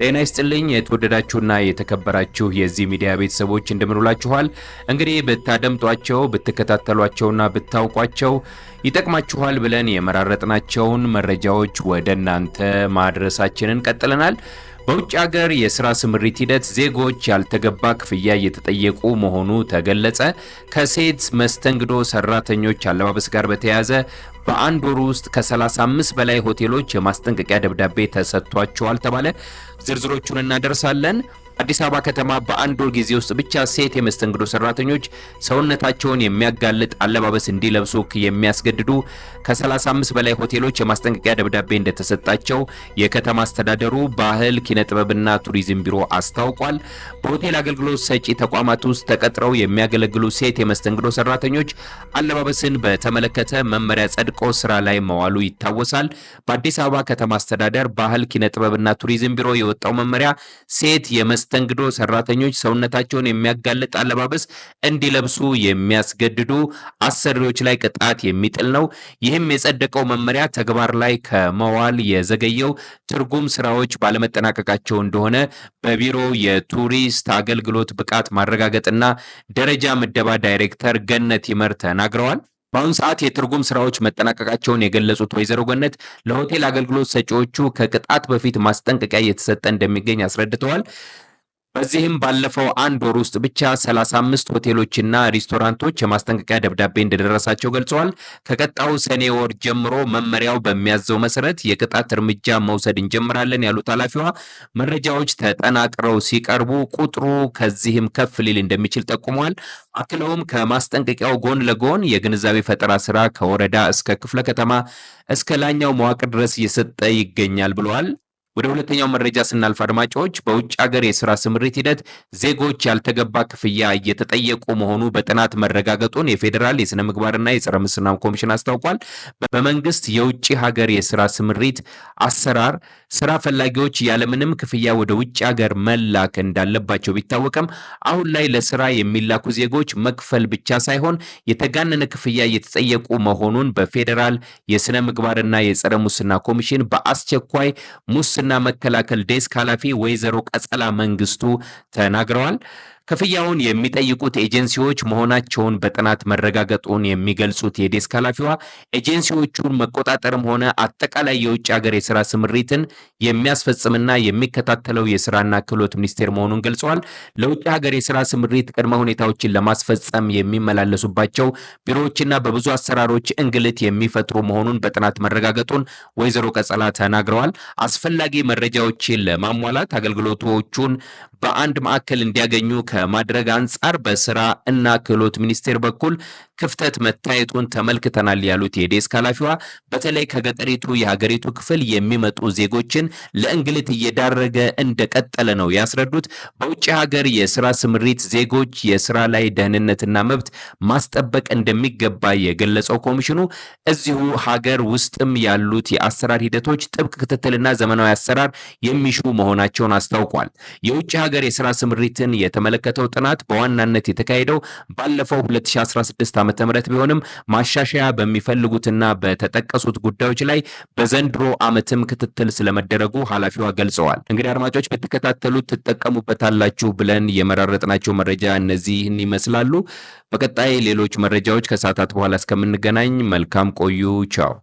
ጤና ይስጥልኝ የተወደዳችሁና የተከበራችሁ የዚህ ሚዲያ ቤተሰቦች እንደምንውላችኋል። እንግዲህ ብታደምጧቸው ብትከታተሏቸውና ብታውቋቸው ይጠቅማችኋል ብለን የመራረጥናቸውን መረጃዎች ወደ እናንተ ማድረሳችንን ቀጥለናል። በውጭ ሀገር የስራ ስምሪት ሂደት ዜጎች ያልተገባ ክፍያ እየተጠየቁ መሆኑ ተገለጸ። ከሴት መስተንግዶ ሰራተኞች አለባበስ ጋር በተያያዘ በአንድ ወር ውስጥ ከ35 በላይ ሆቴሎች የማስጠንቀቂያ ደብዳቤ ተሰጥቷቸዋል ተባለ። ዝርዝሮቹን እናደርሳለን። አዲስ አበባ ከተማ በአንድ ወር ጊዜ ውስጥ ብቻ ሴት የመስተንግዶ ሰራተኞች ሰውነታቸውን የሚያጋልጥ አለባበስ እንዲለብሱ የሚያስገድዱ ከ35 በላይ ሆቴሎች የማስጠንቀቂያ ደብዳቤ እንደተሰጣቸው የከተማ አስተዳደሩ ባህል፣ ኪነ ጥበብና ቱሪዝም ቢሮ አስታውቋል። በሆቴል አገልግሎት ሰጪ ተቋማት ውስጥ ተቀጥረው የሚያገለግሉ ሴት የመስተንግዶ ሰራተኞች አለባበስን በተመለከተ መመሪያ ጸድቆ ስራ ላይ መዋሉ ይታወሳል። በአዲስ አበባ ከተማ አስተዳደር ባህል፣ ኪነ ጥበብና ቱሪዝም ቢሮ የወጣው መመሪያ ሴት የመስ መስተንግዶ ሰራተኞች ሰውነታቸውን የሚያጋልጥ አለባበስ እንዲለብሱ የሚያስገድዱ አሰሪዎች ላይ ቅጣት የሚጥል ነው። ይህም የጸደቀው መመሪያ ተግባር ላይ ከመዋል የዘገየው ትርጉም ስራዎች ባለመጠናቀቃቸው እንደሆነ በቢሮ የቱሪስት አገልግሎት ብቃት ማረጋገጥና ደረጃ ምደባ ዳይሬክተር ገነት ይመር ተናግረዋል። በአሁኑ ሰዓት የትርጉም ስራዎች መጠናቀቃቸውን የገለጹት ወይዘሮ ገነት ለሆቴል አገልግሎት ሰጪዎቹ ከቅጣት በፊት ማስጠንቀቂያ እየተሰጠ እንደሚገኝ አስረድተዋል። በዚህም ባለፈው አንድ ወር ውስጥ ብቻ 35 ሆቴሎችና ሬስቶራንቶች የማስጠንቀቂያ ደብዳቤ እንደደረሳቸው ገልጸዋል። ከቀጣው ሰኔ ወር ጀምሮ መመሪያው በሚያዘው መሰረት የቅጣት እርምጃ መውሰድ እንጀምራለን ያሉት ኃላፊዋ መረጃዎች ተጠናቅረው ሲቀርቡ ቁጥሩ ከዚህም ከፍ ሊል እንደሚችል ጠቁመዋል። አክለውም ከማስጠንቀቂያው ጎን ለጎን የግንዛቤ ፈጠራ ስራ ከወረዳ እስከ ክፍለ ከተማ እስከ ላኛው መዋቅር ድረስ እየሰጠ ይገኛል ብለዋል። ወደ ሁለተኛው መረጃ ስናልፍ አድማጮች፣ በውጭ ሀገር የስራ ስምሪት ሂደት ዜጎች ያልተገባ ክፍያ እየተጠየቁ መሆኑ በጥናት መረጋገጡን የፌዴራል የስነ ምግባርና የጸረ ሙስና ኮሚሽን አስታውቋል። በመንግስት የውጭ ሀገር የስራ ስምሪት አሰራር ስራ ፈላጊዎች ያለምንም ክፍያ ወደ ውጭ ሀገር መላክ እንዳለባቸው ቢታወቅም አሁን ላይ ለስራ የሚላኩ ዜጎች መክፈል ብቻ ሳይሆን የተጋነነ ክፍያ እየተጠየቁ መሆኑን በፌዴራል የስነ ምግባርና የጸረ ሙስና ኮሚሽን በአስቸኳይ ሙስ ጥናትና መከላከል ዴስክ ኃላፊ ወይዘሮ ቀጸላ መንግስቱ ተናግረዋል። ክፍያውን የሚጠይቁት ኤጀንሲዎች መሆናቸውን በጥናት መረጋገጡን የሚገልጹት የዴስክ ኃላፊዋ ኤጀንሲዎቹን መቆጣጠርም ሆነ አጠቃላይ የውጭ ሀገር የስራ ስምሪትን የሚያስፈጽምና የሚከታተለው የስራና ክህሎት ሚኒስቴር መሆኑን ገልጸዋል። ለውጭ ሀገር የስራ ስምሪት ቅድመ ሁኔታዎችን ለማስፈጸም የሚመላለሱባቸው ቢሮዎችና በብዙ አሰራሮች እንግልት የሚፈጥሩ መሆኑን በጥናት መረጋገጡን ወይዘሮ ቀጸላ ተናግረዋል። አስፈላጊ መረጃዎችን ለማሟላት አገልግሎቶቹን በአንድ ማዕከል እንዲያገኙ ከማድረግ አንጻር በስራ እና ክህሎት ሚኒስቴር በኩል ክፍተት መታየቱን ተመልክተናል ያሉት የዴስክ ኃላፊዋ በተለይ ከገጠሪቱ የሀገሪቱ ክፍል የሚመጡ ዜጎችን ለእንግልት እየዳረገ እንደቀጠለ ነው ያስረዱት። በውጭ ሀገር የስራ ስምሪት ዜጎች የስራ ላይ ደህንነትና መብት ማስጠበቅ እንደሚገባ የገለጸው ኮሚሽኑ እዚሁ ሀገር ውስጥም ያሉት የአሰራር ሂደቶች ጥብቅ ክትትልና ዘመናዊ አሰራር የሚሹ መሆናቸውን አስታውቋል። የውጭ ሀገር የስራ ስምሪትን የተመለከተው ጥናት በዋናነት የተካሄደው ባለፈው 2016 ዓ ም ቢሆንም ማሻሻያ በሚፈልጉትና በተጠቀሱት ጉዳዮች ላይ በዘንድሮ ዓመትም ክትትል ስለመደረጉ ኃላፊዋ ገልጸዋል። እንግዲህ አድማጮች በተከታተሉት ትጠቀሙበታላችሁ ብለን የመራረጥናቸው መረጃ እነዚህን ይመስላሉ። በቀጣይ ሌሎች መረጃዎች ከሰዓታት በኋላ እስከምንገናኝ መልካም ቆዩ። ቻው።